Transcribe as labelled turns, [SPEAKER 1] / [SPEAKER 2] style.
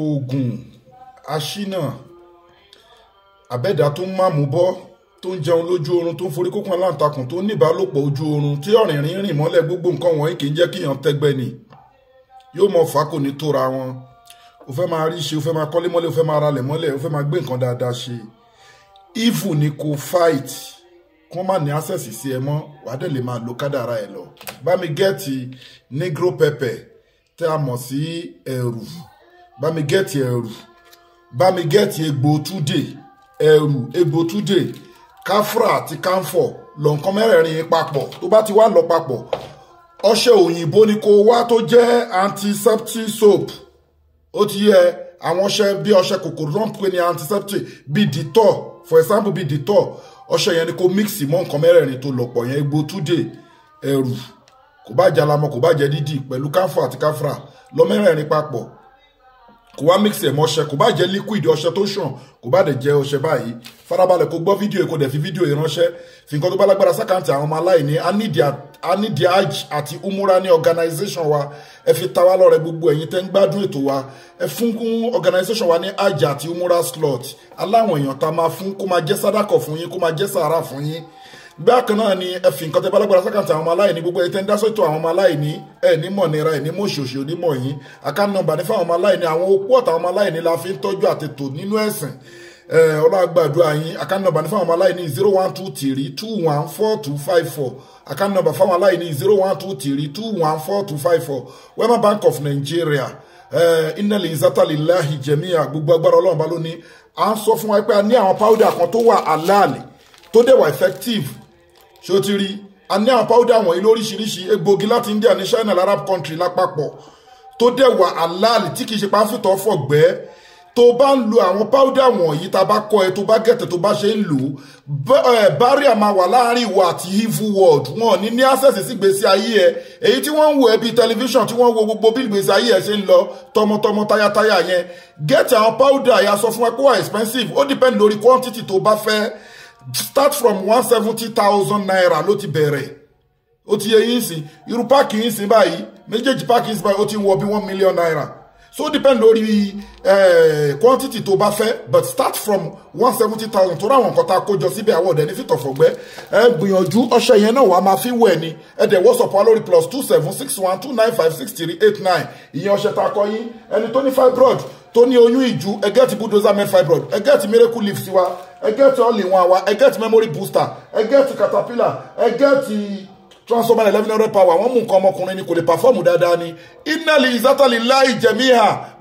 [SPEAKER 1] oògùn aṣínà àbẹ́dà tó ń máàmú bọ́ tó ń jẹun lójú oorun tó ń forí kókun aláǹtakùn tó ń níbàálòpọ̀ ojú oorun tí ọ̀rìnrìn rìn mọ́lẹ̀ gbogbo nǹkan wọ̀nyí kì í jẹ́ kíyàn tẹ́gbẹ́ ni yóò mọ fà kò ní tóra wọn o fẹ́ máa rí ṣe o fẹ́ máa kọ́lé mọ́lẹ̀ o fẹ́ máa ralẹ̀ mọ́lẹ̀ o fẹ́ máa gbé nǹkan dáadáa ṣe ifu ni kò fight kó má ní access sí ẹ mọ́ wàá dẹ̀ lè máa lo kádàrá ẹ lọ bá mi gẹ́ẹ̀tì negro pepper tẹ́ a mọ̀ sí ẹ̀rù. E bá mi gẹ́ẹ̀tì ẹ̀rù bá mi gẹ́ẹ̀tì egbò túdè ẹ̀rù egbò túdè káfúrà àti káńfọ̀ lọ́nkán mẹ́rẹ̀ẹ̀rin papọ̀ tó bá ti wá lọ papọ̀ ọṣẹ òyìnbó ni kó wá tó jẹ́ antiseptic soap ó ti yẹ àwọn ọṣẹ bí ọṣẹ kòkòrò náà pè ní antiseptic bíi Dettol for example bíi Dettol ọṣẹ yẹn ni kó mix mọ́ nǹkan mẹ́rẹ̀ẹ̀rin tó lọ̀pọ̀ yẹn egbò túdè ẹ̀rù kò bá jẹ́ alamọ kò bá jẹ́ dídì pẹ̀lú káfọ̀ àti káfúrà lọ́mẹ́rẹ̀ẹ̀rin papọ̀ kò wá mix ẹ̀ mọ́ ọṣẹ kò bá jẹ́ liquid ọṣẹ tó ṣàn kò bá dẹ̀ jẹ́ ọṣẹ báyìí farabalẹ̀ kó gbọ́ fídíò kó dẹ̀ fi fídíò yìí fi nǹkan tó bá lágbára sákàǹtì àwọn ọmọ aláìní anídìí hajj àti umura ní organisation wa ẹ fi ta wá lọ́rẹ gbogbo ẹ̀yin tẹ́ ń gbádùn ètò wa ẹ fún organisation wa ní hajj àti umura slot aláwọn èèyàn tá máa fún kó máa jẹ́ sádàkọ̀ fún yín kó máa jẹ́ sàárà fún yín bákan náà ni ẹ fi nǹkan tẹ́ bá lágbára sákàtà àwọn ọmọ aláìní gbogbo ẹ tẹ́ ń dá sọ́tọ̀ àwọn ọmọ aláìní ẹ ní mọ̀ nira ẹ ní mọ̀ òṣìṣẹ́ onímọ̀ yín àkáǹtì nọ́mbà ní fáwọn ọmọ aláìní àwọn opó ọ̀tàwọn ọmọ aláìní la fi ń tọ́jú àtètò nínú ẹ̀sìn ọlọ́gbàdúrà yín àkáǹtì nọ́mbà ní fáwọn ọmọ aláìní zero one two three two one four two five four àkáǹtì nọ́mbà fáwọn aláìní zero one two three two one four two five four Wema Bank of Nigeria innal izzata lillahi jami'a gbogbo agbára ọlọ́run bá lóní à ń sọ fún wa pé a ní àwọn powder kan tó wà halal tó dẹ̀ wà effective ṣó ti rí a ní àwọn powder wọ̀nyí lóríṣiríṣi egbògi láti India ní China arab country lápapọ̀ tó dẹ̀ wà halal tí kì í ṣe pàfitọ́ fọ̀gbẹ́ tó bá ń lo àwọn powder wọ̀nyí tá a bá kọ́ ẹ tó bá gẹ̀tẹ̀ tó bá ṣe ń lò barrier máa wà láàrin ìwà àti evil world wọn ní ní access sí ìgbésí ayé ẹ èyí tí wọ́n ń wo ẹbí tẹlifíṣàn tí wọ́n ń wo gbogbo bí ìgbésí ayé ẹ ṣe ń lọ tọmọtọmọ tayátayá yẹn gẹ̀tẹ̀ àwọn powder yà sọ fún ẹ pé wà expensive ó depend lórí quantity tó bá fẹ́ start from one seventy thousand naira ló ti bẹ̀rẹ̀ ó ti yẹ yín sìn irú páàkì yín sìn báyìí méjèèjì páàkì yín sìn báyìí ó ti wọ bí one million naira so depend lórí eh, quantity tó bá fẹ́ but start from one seventy thousand tó ráwọn nǹkan tá a kójọ síbẹ̀ àwọn ọ̀dẹ̀ ní fìtọ̀ fọ̀gbẹ́ ẹ gbìyànjú ọṣẹ yẹn náà wàá máa fi wẹ̀ ni ẹ dẹ̀ WhatsApp wa lórí plus two seven six one two nine five six three eight nine ìyẹn ọṣẹ tá a kọ yín ẹni tó ní fibroid tó ní oyún ìju ẹ get bulldozer men fibroid ẹ get miracle leaf tiwa ẹ get all in one wa ẹ get memory booster ẹ get caterpillar ẹ get transformer eleven hundred power wọ́n mú nǹkan ọmọkùnrin ni kò lè perform dáadáa ni inali izatali láì jẹ̀míhà